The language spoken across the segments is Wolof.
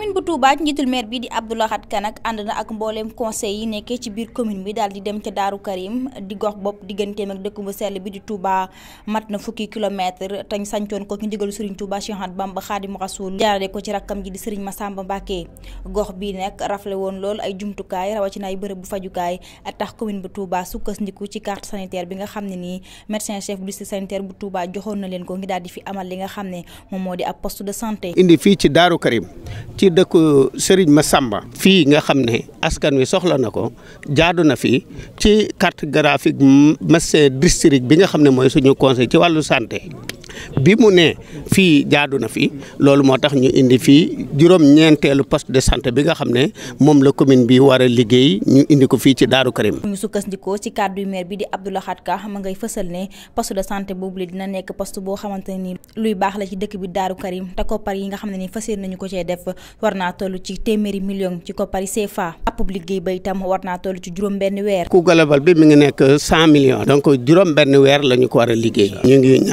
commune bu Touba njiitul maire bi di Abdou Lahad Kane nag ànd na ak mbooleem conseil yi nekkee ci biir commune bi daal di dem ca Daaru Karim di gox bopp digganteem ak dëkk bu sell bi di Touba mat na fukki kilomètre tañ sancoon ko ci ndigalu Serigne Touba Cheikh Ahmadou Bamba Khadimu Rasul jaarale ko ci rakkam ji di Serigne Massamba Mbacké gox bii nag rafle woon lool ay jumtukaay rawatina ay bërëb bu fajukaay tax commune bu Touba sukkandiku ci carte sanitaire bi nga xam ne nii médecin chef du district sanitaire bu Touba joxoon na leen ko ngi di fi amal li nga xam ne moom moo di ab post de santé indi fii ci Daaru Karim ci dëkku Serigne Massamba. fii nga xam ne askan wi soxla na ko jaadu na fi ci carte graphique masse district bi nga xam ne mooy suñu conseil ci wàllu santé bi mu ne fii jaadu na fi loolu moo tax ñu indi fii juróom-ñeenteelu poste de santé bi nga xam ne moom la commune bi war a liggéey ñu indi ko fii ci Daaru Karim. ñu sukkandikoo ci kàddu maire bi di Abdou Lahad Ka ma ngay fësal ne poste de santé boobu dina nekk poste boo xamante ne nii luy baax la ci dëkk bi Daaru Karim te koppar yi nga xam ne nii fas yéene nañu ko cee def war naa toll ci téeméeri million ci koppar yi CFA ab liggéey ba itam war naa toll ci juróom weer. coût global bi mi ngi nekk cent benn weer la ñu ko war a liggéey. ñu ngi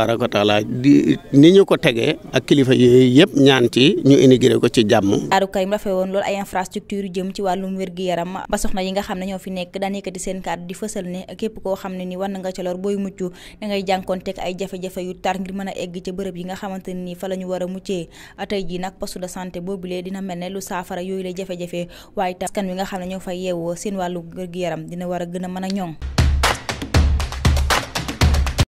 tabaraka taala di ni ñu ko tegee ak kilifa yooyu yëpp ñaan ci ñu intégré ko ci jàmm. Daaru Karim rafet woon loolu ay infrastructure jëm ci wàllum wér-gu-yaram ba yi nga xam ne ñoo fi nekk daan yëkkati seen kàddu di fësal ne képp koo xam ne ni war na nga ca booy mucc da ngay jànkoonteeg ay jafe-jafe yu tar ngir mën a egg ca bërëb yi nga xamante ne ni fa la ñu a muccee tey ji nag poste de santé boobulee dina mel ne lu saafara yooyu lay jafe-jafe waaye tam askan wi nga xam a gën a